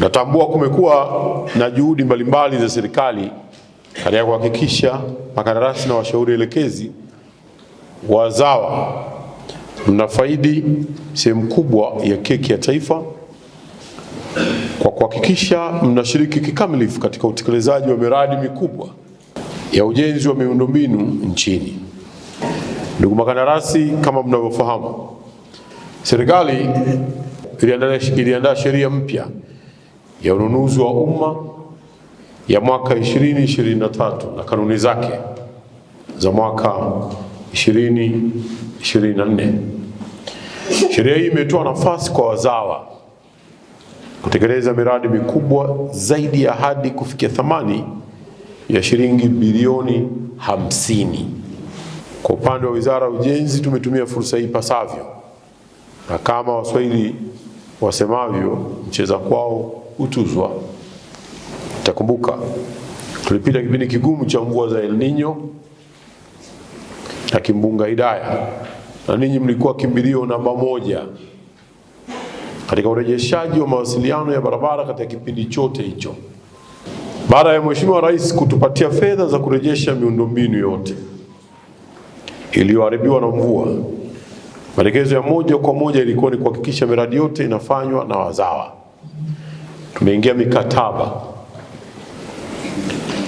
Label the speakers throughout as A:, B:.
A: Natambua kumekuwa na juhudi mbalimbali za serikali katika kuhakikisha makandarasi na washauri elekezi wazawa mnafaidi sehemu kubwa ya keki ya taifa kwa kuhakikisha mnashiriki kikamilifu katika utekelezaji wa miradi mikubwa ya ujenzi wa miundombinu nchini. Ndugu makandarasi, kama mnavyofahamu, serikali iliandaa sheria mpya ya ununuzi wa umma ya mwaka 2023 na kanuni zake za mwaka 2024. Sheria hii imetoa nafasi kwa wazawa kutekeleza miradi mikubwa zaidi ya hadi kufikia thamani ya shilingi bilioni hamsini. Kwa upande wa Wizara ya Ujenzi tumetumia fursa hii pasavyo, na kama Waswahili wasemavyo, mcheza kwao hutuzwa. Takumbuka tulipita kipindi kigumu cha mvua za El Nino na kimbunga Hidaya, na ninyi mlikuwa kimbilio namba moja katika urejeshaji wa mawasiliano ya barabara katika kipindi chote hicho. Baada ya Mheshimiwa Rais kutupatia fedha za kurejesha miundombinu yote iliyoharibiwa na mvua, maelekezo ya moja kwa moja ilikuwa ni kuhakikisha miradi yote inafanywa na wazawa tumeingia mikataba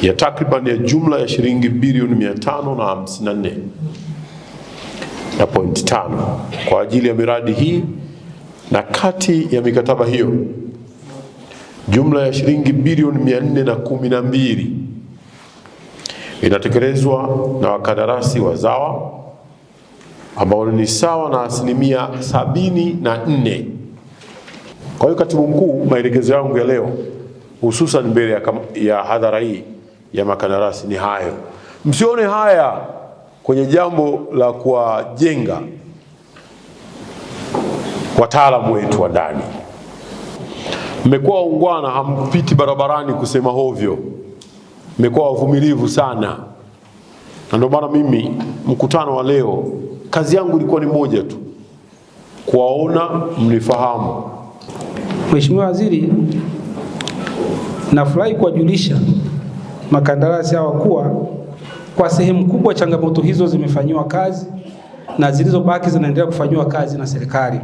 A: ya takriban ya jumla ya shilingi bilioni mia tano na hamsini na nne na point tano kwa ajili ya miradi hii, na kati ya mikataba hiyo jumla ya shilingi bilioni mia nne na kumi na mbili inatekelezwa na wakandarasi wazawa ambao ni sawa na asilimia sabini na nne kwa hiyo katibu mkuu, maelekezo yangu ya leo hususan mbele ya, ya hadhara hii ya makandarasi ni hayo. Msione haya kwenye jambo la kuwajenga wataalamu wetu wa ndani. Mmekuwa waungwana, hampiti barabarani kusema hovyo, mmekuwa wavumilivu sana, na ndio maana mimi mkutano wa leo kazi yangu ilikuwa ni moja tu, kuwaona mnifahamu
B: Mheshimiwa Waziri, nafurahi kuwajulisha makandarasi hawa kuwa kwa sehemu kubwa changamoto hizo zimefanyiwa kazi na zilizobaki zinaendelea kufanyiwa kazi na serikali,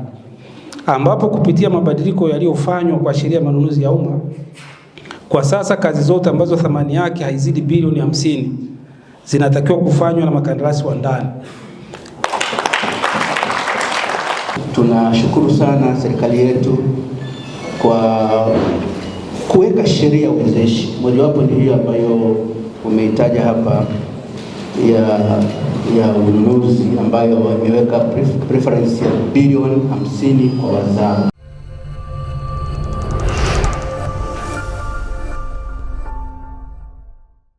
B: ambapo kupitia mabadiliko yaliyofanywa kwa sheria ya manunuzi ya umma, kwa sasa kazi zote ambazo thamani yake haizidi bilioni hamsini zinatakiwa kufanywa na makandarasi wa ndani.
C: Tunashukuru sana serikali yetu kwa kuweka sheria wezeshi. Mojawapo ni hiyo ambayo umeitaja hapa ya ya ununuzi ambayo wameweka preference ya bilioni 50 kwa wazao.